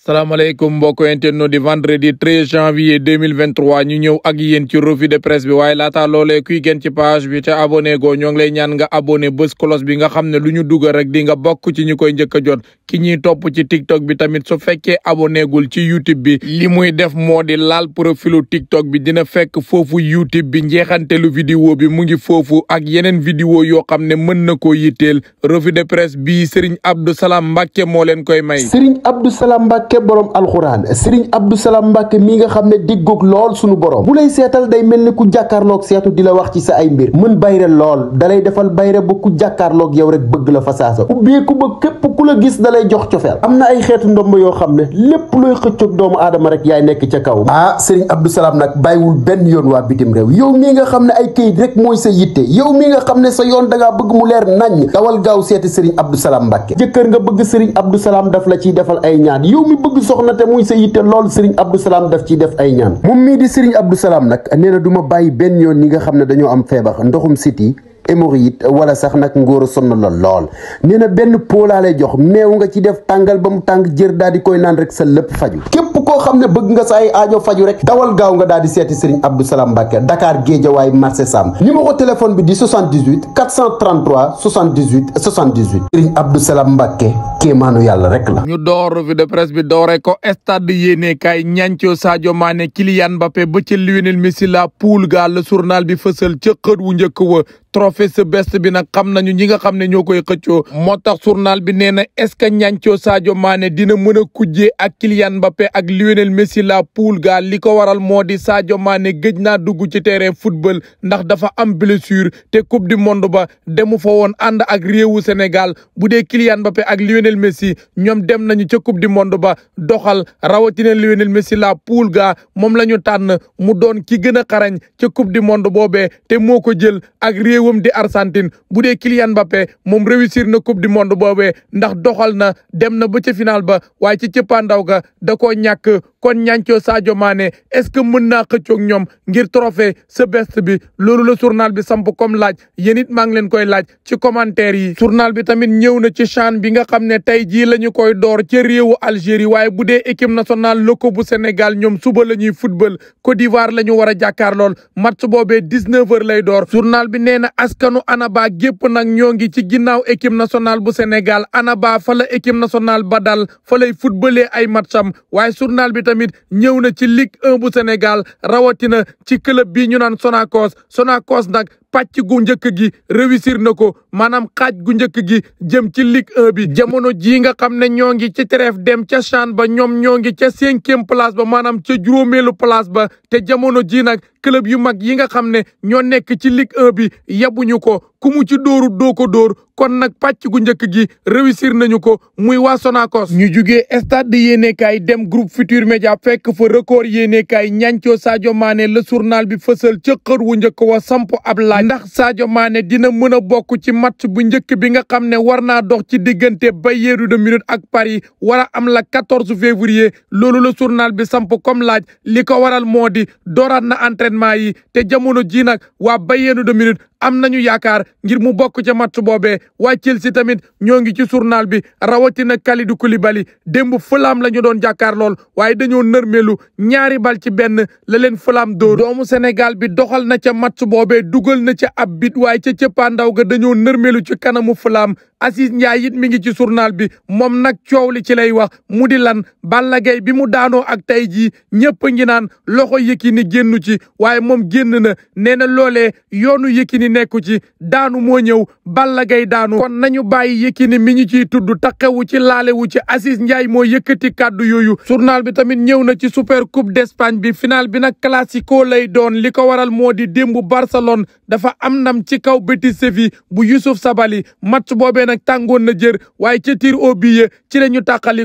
salaamaaleykum mbokk internet di vendredi 13 janvier 2023 ñu ñëw ak yéen ci revue de presse bi waaye laata loolee kuy gën ci page bi te abonné go ñoo ngi lay ñaan nga abonné bés cloche bi nga xam ne lu ñu dugal rek di nga bokk ci ñu koy njëkk a jot ki ñuy topp ci tiktok bi tamit su fekkee abonné ci youtube bi li muy def moo di laal profilu tiktok bi dina fekk foofu youtube bi njeexantelu vidéo bi mu ngi foofu ak yeneen vidéo yoo xam ne mën na ko yitteel revue de presse bi Serigne Abdou Salam Mbacké moo leen koy may Serigne mbàkke borom alxuraan sëriñ abdu salaam mbàkke mii nga xam ne diggoog lool sunu borom bu lay seetal day mel ni ku jàkkaarloog seetu di la wax ci sa ay mbir mën bayre lool dalay defal bayre ba ku jàkkaarloog yow rek bëgg la fa saasa ku ba képp ku la gis dalay jox cofeel am na ay xeetu ndomb yoo xam ne lépp looy xëccoog doomu aadama rek yaay nekk ca kaw ah sëriñ abdu salaam nag bàyyiwul benn yoon waa bitim réew yow mi nga xam ne ay kayit rek mooy sa yitte yow mi nga xam ne sa yoon dangaa bëgg leer naññ dawal gaaw seeti sëriñ abdu salaam mbàkke jëkkër nga bëgg sëriñ abdu salaam daf la ciy defal ay ñaan yow mi bëgg soxna te muy sa yitte lool sëriñ Abdou Salaam daf ciy def ay ñaan moom mii di sëriñ Abdou Salaam nag nee na du ma bàyyi benn yoon ñi nga xam ne dañoo am feebar ndoxum siti hémorroïde wala sax nag ngóor a sonn la lool nee benn pot laa lay jox meew nga ci def tàngal ba mu tàng jër daal di koy naan rek sa lépp faju képp koo xam ne bëgg nga sa ay aajo faju rek dawal gaaw nga daal di seeti Serigne Abdou Salam Mbacke Dakar Guédiawaye marché Sam numéro téléphone bi di 78 433 78 78 Serigne Abdou Salam Mbacke kéemaanu yàlla rek la. ñu door revue de presse bi doore ko stade yéene kay ñancoo Sadio Mané Kylian Mbappé ba ci Lionel Messi la poule ga le journal bi fësal wu njëkk wa face best bi nag xam nañu ñi nga xam ne ñoo koy xëccoo moo tax journal bi nee na est-ce que ñancoo Sadio Mané dina mën a kujjee ak Kylian Mbappé ak Lionel Messi la poule ga li ko waral moo di Sadio maane géej naa dugg ci terrain football ndax dafa am blessure te coupe di monde ba demu fa woon ànd ak réewu senegal bu dee Kylian Mbappé ak Lionel Messi ñoom dem nañu ca coupe di monde ba doxal rawatina Lionel Messi la poule ga moom la ñu tànn mu doon ki gën a xarañ ca coupe du monde boobee moo ko dem di Argentine bu dee Kylian Mbappé moom réussir na coupe du monde boobee ndax doxal na dem na ba ca final ba waaye ci ndaw ga da koo ñàkk kon ñancoo Sadio Mané est ce que mën naa xëccoog ñoom ngir trophée sa best bi loolu la surnal bi samp comme laaj yéen it maa ngi leen koy laaj ci commentaire yi surnal bi tamit ñëw na ci CHAN bi nga xam ne tey jii la ñu koy door ca réewu Algérie waaye bu dee équipe nationale loko bu Sénégal ñoom suba la ñuy football Côte d'Ivoire la ñu war a jàkkaarlool match boobee 19h lay door askanu anaba gépp nag ñoo ngi ci ginnaaw équipe national bu Sénégal anaba fala la équipe nationale ba dal fa lay footballer ay matcham waaye journal bi tamit ñëw na ci Ligue 1 bu Sénégal rawatina ci club bi ñu naan Sonacos Sonacos nag pàcc gu njëkk gi réussir na ko maanaam xaaj gu njëkk gi jëm ci Ligue 1 bi jamono jii nga xam ne ñoo ngi ci trêve dem ca CHAN ba ñoom ñoo ngi ca cinquième place ba maanaam ca juróomeelu place ba te jamono ji nag club yu mag yi nga xam ne ñoo nekk ci Ligue 1 bi yabuñu ko ku mu ci dóoru doo ko dóor kon nag pàcc gu njëkk gi réussir nañu ko muy waa Sonacos ñu jugee stade de yéenekaay dem groupe Futur Média fekk fa record yéenekaay ñancoo Sadio Mané le journal bi fësal ca wu njëkk wa samp ab laaj ndax Sadio maane dina mën a bokk ci match bu njëkk bi nga xam ne war naa dox ci diggante Bayern de Munich ak Paris wara am la 14 février loolu la journal bi sampo comme laaj li ko waral moo di dooraat na entraînement yi te jamono ji nag waa Bayern de Munich am nañu yaakaar ngir mu bokk ca match boobee wàccil si tamit ñoo ngi ci journal bi rawatina Kalidou Koulibaly démb Fulham la ñu doon jàkkaar lool waaye dañoo nërmeelu ñaari bal ci benn la leen Fulham dóor doomu Sénégal bi doxal na ca match boobee dugal na ca ab bit waaye ca cëppaandaw ga dañoo nërmeelu ci kanamu fulam Aziz Ndiaye yit mi ngi ci journal bi moom nag coow li ci lay wax mu di lan Balla bi mu daanoo ak tey jii ñëpp ngi naan loxo Yékini génnu ci waaye moom génn na nee na loolee yoonu Yékini nekku ci daanu moo ñëw Balla Gaye daanu kon nañu bàyyi Yékini mi ñu ciy tudd takkewu ci laalewu ci Aziz Ndiaye moo yëkkati kàddu yooyu surnal bi tamit ñëw na ci super coupe d'Espagne bi final bi nag classico lay doon li ko waral moo di démb Barcelone dafa am ndam ci kaw Betis Séville bu Youssouf Sabali match boobee nag tàngoon na jër waaye ca tir au but ci la ñu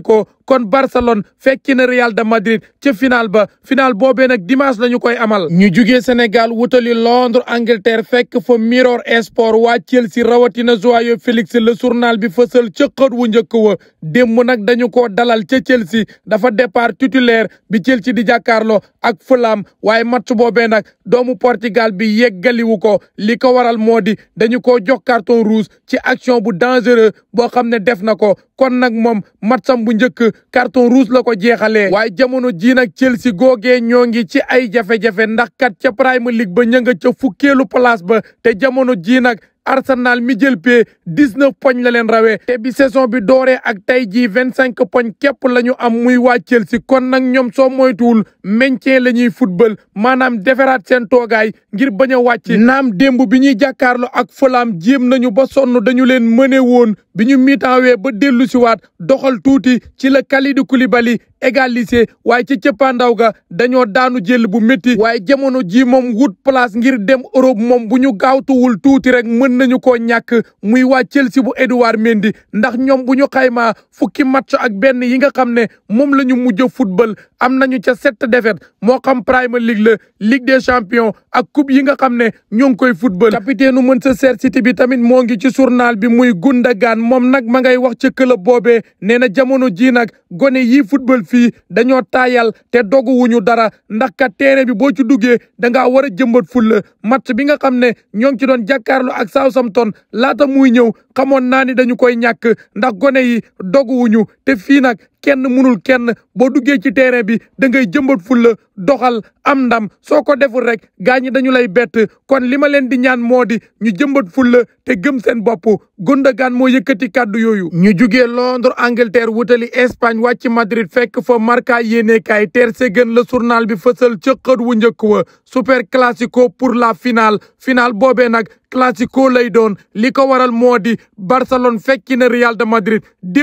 ko kon Barcelone fekki na Real de Madrid ca final ba final boobee nag dimanche nañu koy amal. ñu jugee Sénégal wutali Londres Angleterre fekk fa Mirror Sport waa Chelsea rawatina Joao Félix le journal bi fësal ca xët wu njëkk wa démb nag dañu ko dalal ca Chelsea dafa départ titulaire bi Chelsea di jàkkaarloo ak Fulham waaye match boobee nag doomu Portugal bi yeggaliwu ko li ko waral moo di dañu ko jox carton rouge ci action bu dangereux boo xam ne def na ko kon nag moom matcham bu njëkk. carton ruus la ko jeexalee waaye jamono ji nag Chelsea googee ñoo ngi ci ay jafe-jafe ndax kat ca Premier League ba ña nga ca fukkeelu place ba te jamono ji nag Arsenal mi jël pee dix-neuf poñ la leen rawee te bi saison bi dooree ak tey jii vingt-cinq poñ képp la ñu am muy waa si kon nag ñoom soo moytuwul maintien la ñuy football maanaam deferaat seen toogaay ngir bañ a wàcc naam démb bi ñuy jàkkaarloo ak Fulham jéem nañu ba sonn dañu leen mëne woon bi ñu mitanwee ba dellu siwaat doxal tuuti ci la Kalidou Koulibaly égalisé waaye ci cëppaandaw ga dañoo daanu jël bu métti waaye jamono ji moom wut place ngir dem Europe moom bu ñu gaawtuwul tuuti rek mën mën nañu koo ñàkk muy waa Chelsea bu Edouard Mendy ndax ñoom bu ñu xaymaa fukki match ak benn yi nga xam ne moom la ñu mujj football am nañu ca sept défaites moo xam Premier League la Ligue des champions ak coupe yi nga xam ne ñoo ngi koy mën capitaine Manchester City bi tamit moo ngi ci journal bi muy Gundogan moom nag ma ngay wax ci club boobee nee na jamono jii nag gone yii football fii dañoo taayal te dogu wuñu dara ndax kat terrain bi boo ci duggee da ngaa war a jëmbat fulla match bi nga xam ne ñoo ngi ci doon jàkkaarloo Southampton laata muy ñëw xamoon naa ni dañu koy ñàkk ndax gone yi doguwuñu te fii nag kenn mënul kenn boo duggee ci terrain bi da ngay jëmbat fulla doxal am ndam soo ko deful rek gaa ñi dañu lay bett kon li ma leen di ñaan moo di ñu jëmbat fulla te gëm seen bopp Gundogan moo yëkkati kàddu yooyu. ñu jugee Londres Angleterre wutali Espagne wàcc Madrid fekk fa Marca yéenekaay Ter se Stegen la surnal bi fësal ca wu njëkk wa super classico pour la finale finale boobee nag. classico lay doon li ko waral moo di Barcelone fekki na Real de Madrid d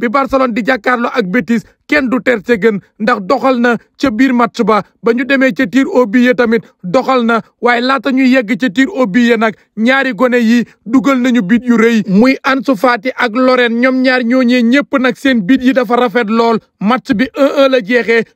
bi Barcelone ak bêtise kenn du ter te gën ndax doxal na ca biir match ba ba ñu demee ca tiir au but tamit doxal na waaye laata ñu yegg ca tir au nag ñaari gone yi dugal nañu bit yu rëy muy Ansu Fati ak Lorraine ñoom ñaar ñooñee ñëpp nag seen bit yi dafa rafet lool match bi 1-1 la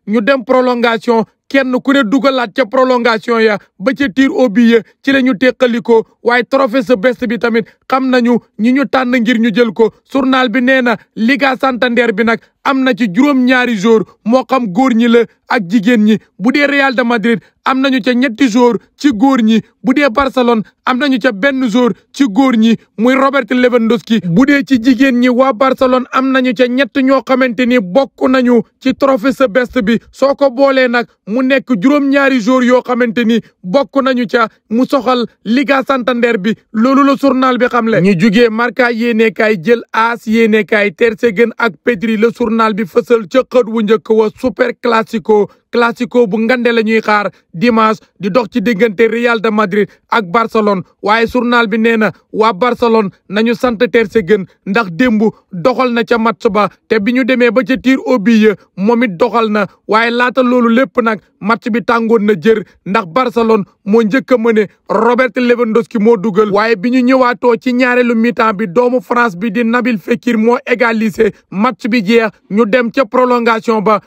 ñu dem prolongation kenn ku ne dugalaat ca prolongation ya ba ca tiir au but ya ci la ñu teqalikoo waaye trophée sa best bi tamit xam nañu ñi ñu tànn ngir ñu jël ko journal bi nee na Liga Santander bi nag am ci juróom ñaari jour moo xam góor ñi la ak jigéen ñi bu dee Real de Madrid am nañu ca ñetti joueur ci góor ñi bu dee Barcelone am nañu ca benn joueur ci góor ñi muy Robert Lewandowski bu dee ci jigéen ñi waa Barcelone am nañu ca ñett ñoo xamante ni bokk nañu ci trophée sa bi soo ko boolee nag mu nekk juróom-ñaari joueur yoo xamante ni bokk nañu ca mu soxal Liga Santander bi loolu la journal bi xamle ñi jugee Marca yéene kaay jël AS yéene kaay Ter Stegen ak Pedri la journal bi fësal ca xët wu njëkk wa Super Classico classico bu ngande la ñuy xaar dimanche di dox ci diggante Real de Madrid ak Barcelone waaye journal bi nee na waa Barcelone nañu sant Ter Stegen ndax démb doxal na ca match ba te bi ñu demee ba ca tir au but ya moom it doxal na waaye laata loolu lépp nag match bi tàngoon na jër ndax Barcelone moo njëkk a mëne Robert Lewandowski moo dugal waaye bi ñu ñëwaatoo ci ñaareelu mi-temps bi doomu France bi di Nabil Fekir moo égalisé match bi jeex ñu dem ca prolongation ba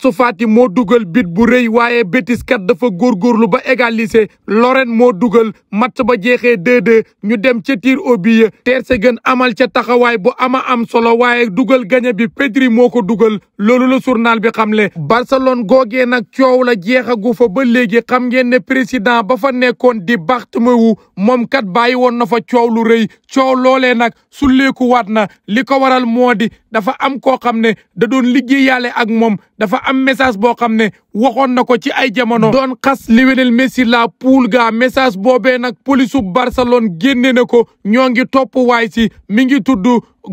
Ansu Fati moo dugal bit bu rëy waaye Betis kat dafa góorgóorlu ba égaliser Loren moo dugal match ba jeexee 2-2 ñu dem ca tir au but Ter Stegen amal ca taxawaay bu ama am solo waaye dugal gañe bi Pedri moo ko dugal loolu la journal bi xam xamle Barcelone googee nag coow la jeexagu fa ba léegi xam ngeen ne président ba fa nekkoon di Bartomeu moom kat bàyyi woon na fa coow lu rëy coow loolee nag sulleeku waat na li ko waral moo di dafa am koo xam ne da doon liggéeyaale ak moom dafa am message boo xam ne waxoon na ko ci ay jamono doon xas Lionel Messi la Pulga message boobee nag polisu Barcelone génne na ko ñoo ngi topp waay si mi ngi tudd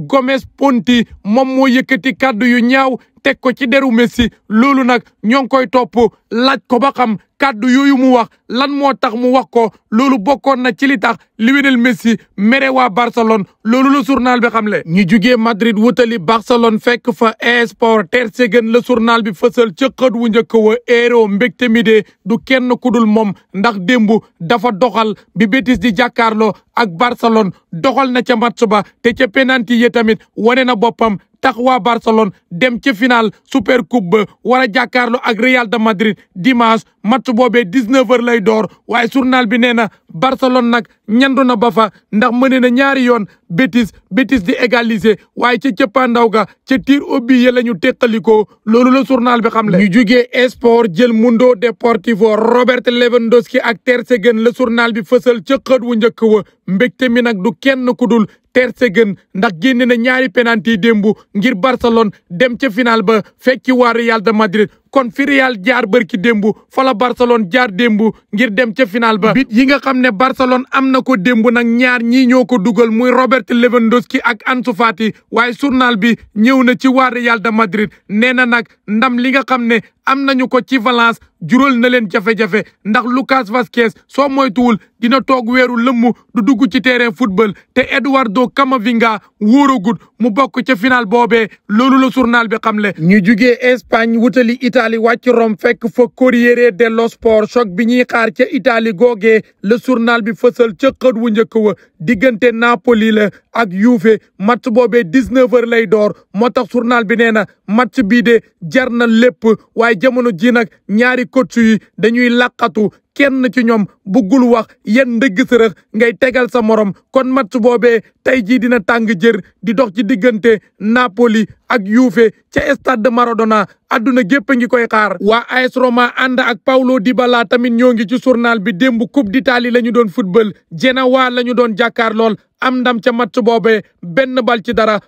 Gomes Ponti moom moo yëkkati kàddu yu ñaaw teg ko ci deru Messi loolu nag ñoo ngi koy topp laaj ko ba xam kàddu yooyu mu wax lan moo tax mu wax ko loolu bokkoon na ci li tax Lionel Messi mere waa Barcelone loolu la surnal bi xam le ñu jugee Madrid wutali Barcelone fekk fa esport Ter Stegen la journal bi fësal ca xët wu njëkk xaw a éero mi de du kenn kudul moom ndax démb dafa doxal bi Betis di jàkkaarloo ak Barcelone doxal na ca match ba te ca penalty yi tamit wane na boppam tax waa Barcelone dem ca final super coupe ba war a jàkkaarloo ak Real de Madrid dimanche match boobee 19h lay door waaye journal bi nee na Barcelone nag ñandu na ba fa ndax mëne na ñaari yoon Betis Betis di égaliser waaye ca cëppaandaw ga ca tiir ubbi ya la ñu teqalikoo loolu la journal bi xam le ñu jugee Esport jël Mundo Deportivo Robert Lewandowski ak Ter Stegen la journal bi fësal ca wu njëkk wa mbégte mi nag du kenn ku dul Ter Stegen ndax génne na ñaari penalti démb ngir Barcelone dem ca finale ba fekki waa Real de Madrid kon fi Real jaar bërki démbu fa la Barcelone jaar démbu ngir dem ca final ba bit yi nga xam ne Barcelone am na ko démbu nag ñaar ñii ñoo ko dugal muy Robert Lewandowski ak Ansu waaye journal bi ñëw na ci waa Real de Madrid nee na nag ndam li nga xam ne am nañu ko ci Valence jural na leen jafe ndax Lucas Vazquez soo moytuwul dina toog weeru lëmm du dugg ci terrain football te Eduardo Camavinga wóoragut mu bokk ca final loolu la journal bi xam xamle. ñu juge Espagne wutali Italie wàcc Rome fekk fa Corriere dello Sport choc bi ñuy xaar ca Italie googee la journal bi fësal ca xët wu njëkk wa diggante Napoli la ak Juve match boobee dix-neuf heures lay door moo tax journal bi nee na match bii de jar na lépp waaye jamono ji nag ñaari coach yi dañuy làqatu kenn ci ñoom buggul wax yan ndëgg sërëx ngay tegal sa morom kon match boobee tey jii dina tàng jër di dox ci diggante Napoli ak Juve ca stade de Maradona adduna gépp ngi koy xaar waa AS Roma ànd ak di Dybala tamit ñoo ngi ci journal bi démb Coupe d'Italie la ñu doon football Genoa la ñu doon jàkkaar lool am ndam ca mat boobee benn bal ci dara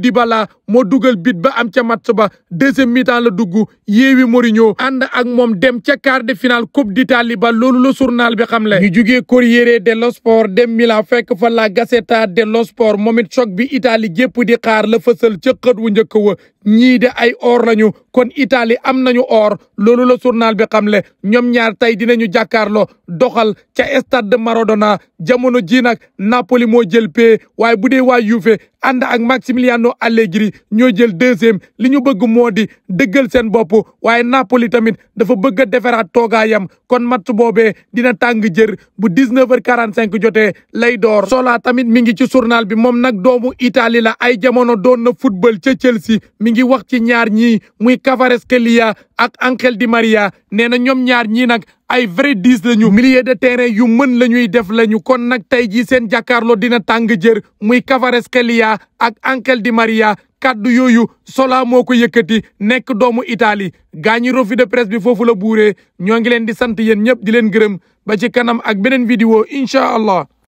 di bala moo dugal bit ba am ca match ba deuxième mi-temps la dugg yeewi Mourinho ànd ak moom dem ca quart de finale Coupe d'Italie ba loolu la surnal bi xam le ñu jugee Corriere dello Sport dem Milan fekk fa la Gazzetta dello Sport moom it choc bi Italie gépp di xaar la fësal ca njëkk wa ñii de ay or lañu kon itali am nañu or loolu la journal bi xamle ñoom ñaar tey dinañu jàkkaarloo doxal ca stade de Maradona jamono ji nag Napoli moo jël pee waaye bu dee waa Juve ànd ak Maximiliano Allegri ñoo jël deuxième li ñu bëgg moo di dëggal seen bopp waaye Napoli tamit dafa bëgg a defaraat toogaayam kon match boobe dina tàng jër bu 19h45 jotee lay door. Sola tamit mi ngi ci surnal bi moom nag doomu Italie la ay jamono doon na football ca Chelsea. mi ngi wax ci ñaar ñii muy Kvaratskhelia ak Ángel Di María nee na ñoom ñaar ñii nag ay vrai dix la ñu milieu de terrain yu mën la ñuy def lañu kon nag tey jii seen jàkkaarloo dina tàng jër muy Kvaratskhelia ak Ángel Di María kaddu yooyu Sola moo ko yëkkati nekk doomu Italie gaañi rofi de presse bi foofu la buuree ñoo ngi leen di sant yéen ñëpp di leen gërëm ba ci kanam ak beneen vidéo incha allah